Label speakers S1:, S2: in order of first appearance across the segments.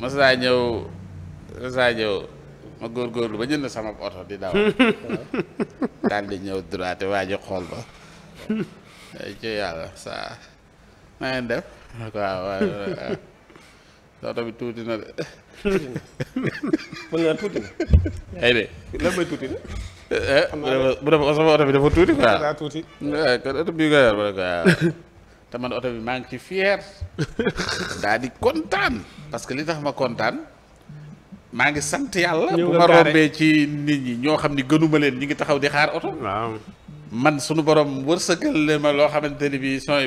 S1: mas naa ñëw mas naa ñëw ma góorgóorlu ba jënd sama oto di daw daal di ñëw droite waa xool ba ci yàlla saa na ngeen def waaw waaw sa oto bi tuuti na de mën bu dafa oto bi dafa tuuti quoi tuuti te man oto bi maa ngi ci fier daa kontaan parce que li tax ma kontaan maa ngi sant yàlla bu ma rombee ci nit ñi ñoo xam ni gënuma leen ñi ngi taxaw di xaar oto waaw man sunu borom wërsëgal leen ma loo xamante ni bi sooy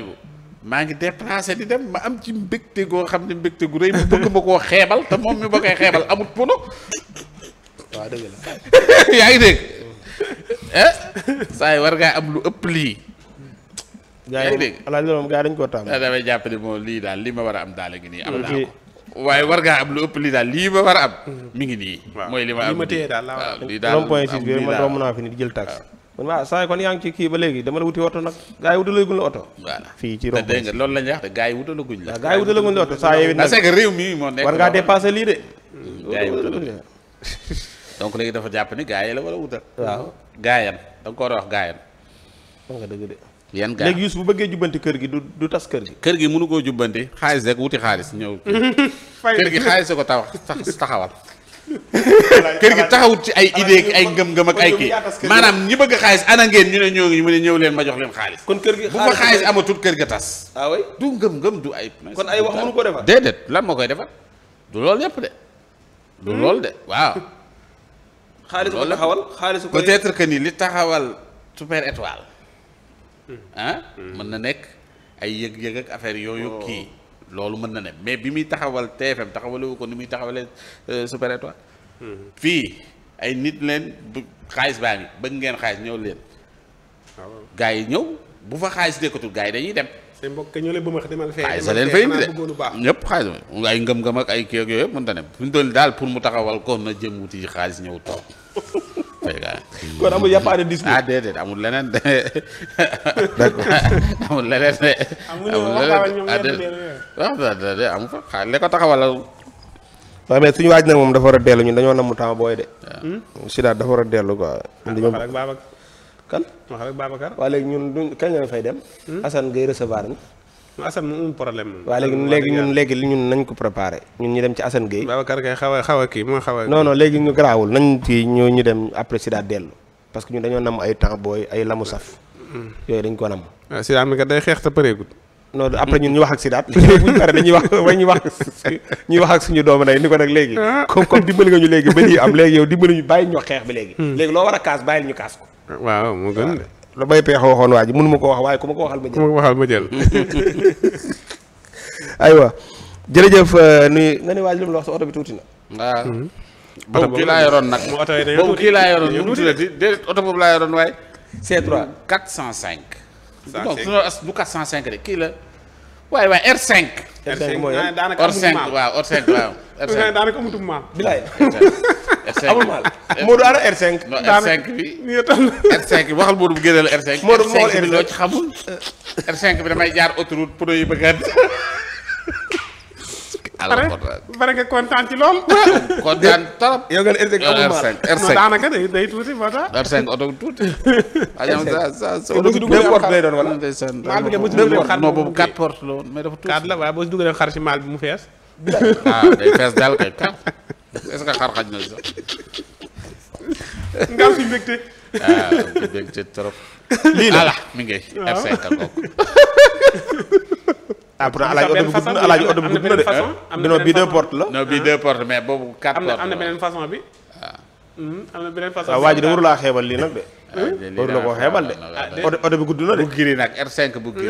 S1: maa ngi déplacé di dem ma am ci mbégte goo xam ne mbégte gu rëy mu bëgg ma koo xeebal te moom mi ba koy xeebal amut pono waaw dëgg la yaa ngi dégg eh saa yi war ngaa am lu ëpp lii yaa ngi dégg alaaj loolu moom gaa dañ koo tàmm damay jàpp ne moom lii daal li ma war a am daal ngi nii am naa ko waaye war ngaa am lu ëpp lii daal lii ma war a am mm. mi ngi nii mooy li ma am lii daal point six bi man doo mën naa fi ni di jël taxi kon waaw saa kon yaa ngi ci kii ba léegi dama la wuti oto nag gaa yi wutalaguñ la oto voilà fii ci romb dégg nga loolu la ñuy wax de gaa yi wutalaguñ la gaa yi wutalaguñ la oto saa yewit nag parce que réew mi moo nekk war ngaa dépassé lii de mm, gaa yi wutalaguñ la donc léegi dafa jàpp ni gaa yi la war a wutal waaw gaayan da nga ko war a wax gaayan nga dëgg de
S2: yan gaa léegi Youssou
S1: bu bëggee jubbanti kër gi du tas kër gi. kër gi mënu koo jubbanti xaalis rek wuti xaalis ñëw. kër gi xaalis ko tax taxawal. kër gi taxawut ci ay idée ay ngëm-ngëm ak ay kii maanaam ñi bëgg xaalis ana ngeen ñu ne ñoo ngi mu ne ñëw leen ma jox leen xaalis. kon kër gi bu fa xaalis amatul kër ga tas. ah du ngëm-ngëm du ay. kon ay wax mënu ko defar déedéet lan moo koy defar du loolu yëpp de. du hmm? lool de waaw. xaalis ko taxawal xaalis ko peut-être que li taxawal super étoile. ah mën na nekk ay yëg-yëg ak affaire yooyu oh. kii loolu mën na ne mais bi muy taxawal TFM taxawalewu ko ni muy taxawalee euh, Super Étoile hmm. fii ay nit leen xaalis baa ngi bëgg ngeen xaalis ñëw leen ah, gars yi ñëw bu fa xaalis nekkatul gars yi dañuy dem seen mbokk ñoo leen a demal fee xaalis leen fay indi de ñëpp xaalis ay ngëm-ngëm ak ay kii ak yooyu yëpp mën na ne bu ñu doon daal pour mu taxawal ko na jëm wuti xaalis ñëw toog kon amul y'a pas ah, de discours amul leneen de amul leneen ah, ah, de. amul leneen de amul fa xaar li ko mais suñu waaj nag moom dafa war a dellu ñun dañoo namu temps booy de. Hmm? Hmm? Sidaat dafa war a dellu ko dañoo kan. waxal ak Babacar. waa léegi ñun duñ kañ la fay dem. Hmm? Assane ngay recevoir ni Assane mu un problème moom. waaw léegi léegi ñun léegi li ñun nañ ko préparé ñun ñu dem ci Assane Gueye. Babacar kay xaw a xaw a a. non non léegi ñu garaawul nañ ci ñu ñu dem après Sida dellu parce que ñun dañoo nam ay temps booy ay lamu saf. yooyu dañ ko nam. waaw ah, mi kat day xeex te pareegul. non après ñun ñu wax ak Sida buñ pare dañuy wax way ñu wax ñuy wax ak suñu doomu nay ni ko nag léegi. Ah. comme comme dimbali nga ñu léegi ba lii am léegi yow dimbali ñu bàyyi ñu xeex bi léegi. Hmm. léegi loo war a bàyyil ñu kaas la bay peex waxoon waa ji mënu wax waaye ku ma ko waxal ma jël ku ma ko aywa jërëjëf euh, nuyu nga ne waa ji lim la wax sa oto bi tuuti na waaw hmm. boobu kii laa yoroon nag boobu kii laa yoroon nu mu tuddati déedéet oto boobu laa yoroon waaye C3 405 donc suñu as de kii la waaye waaye R5 R5 mooy R5 waaw R5 amul maal Modou ana R5. non R5 bi r waxal Modou bu génneel R5. Modou moo R5 bi loo ci xamul. R5 bi damay jaar autoroute pono yi bëgg a. alors pare nga kontaan ci lool. kontaan trop. yow nga ne R5 amul euh, maal R5 daanaka day day tuuti moo tax. R5 oto tuuti. porte lay doon wala. maal bi non boobu quatre porte la xar si maal bi mu fees. dal ah, day fees est-ce que xar xaj na sax. ngaa fi ah, la ala mi ngi. waaw R5 kooku. ah pour alaaj ah. hmm, ah, bi gudd na de. boobu quatre portes waa ji lii nag de. waru la koo bi gudd na nag R5 bu giri.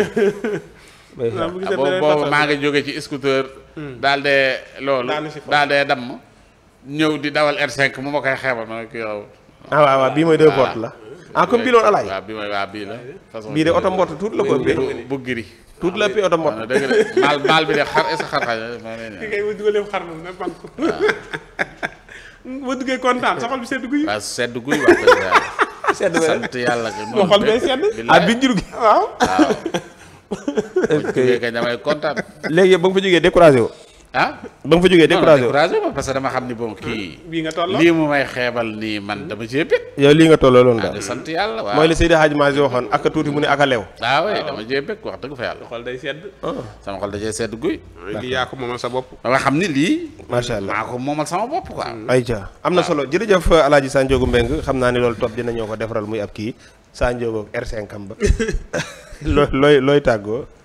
S1: boobu maa ngi jóge ci scooter. Hmm. daal de loolu daal de damm. ñëw di dawal r cinq mu ma koy xeebal ma ne ah, waaw waaw bii mooy deux portes la. ah comme bii loolu alaay. bii de oto mbott tuut la ko ëppee. bu giri tuut la ëppee oto mbott. waaw ah, bi de xar est xar xar moom duggee kontaan sa xol bi sedd guy. waaw sedd guy wax dëgg yàlla. sedd moom xol sedd ah bi jur gi waaw. waaw. damay kontaan. léegi ba nga fa jógee découragé ah ba nga fa jógee découragé découragé ma parce que dama xam ni bon kii lii nga tolloo lii mu may xeebal nii man dama cee bég yow lii nga tolloo loolu ah, daal sant yàlla waaw mooy li Seydi waxoon ak a tuuti mu ne ak a leew ah oui dama day sedd oh. sama xol da cee sedd guy lii yaa sa bopp nga xam ni lii macha allah maa ko moomal sama bopp quoi mm. ay ca am na solo jërëjëf Alaaji Sanjoogu Mbeng xam naa ni loolu dina dinañoo ko defaral muy ab kii Sanjoogu R5 ba looy looy tàggoo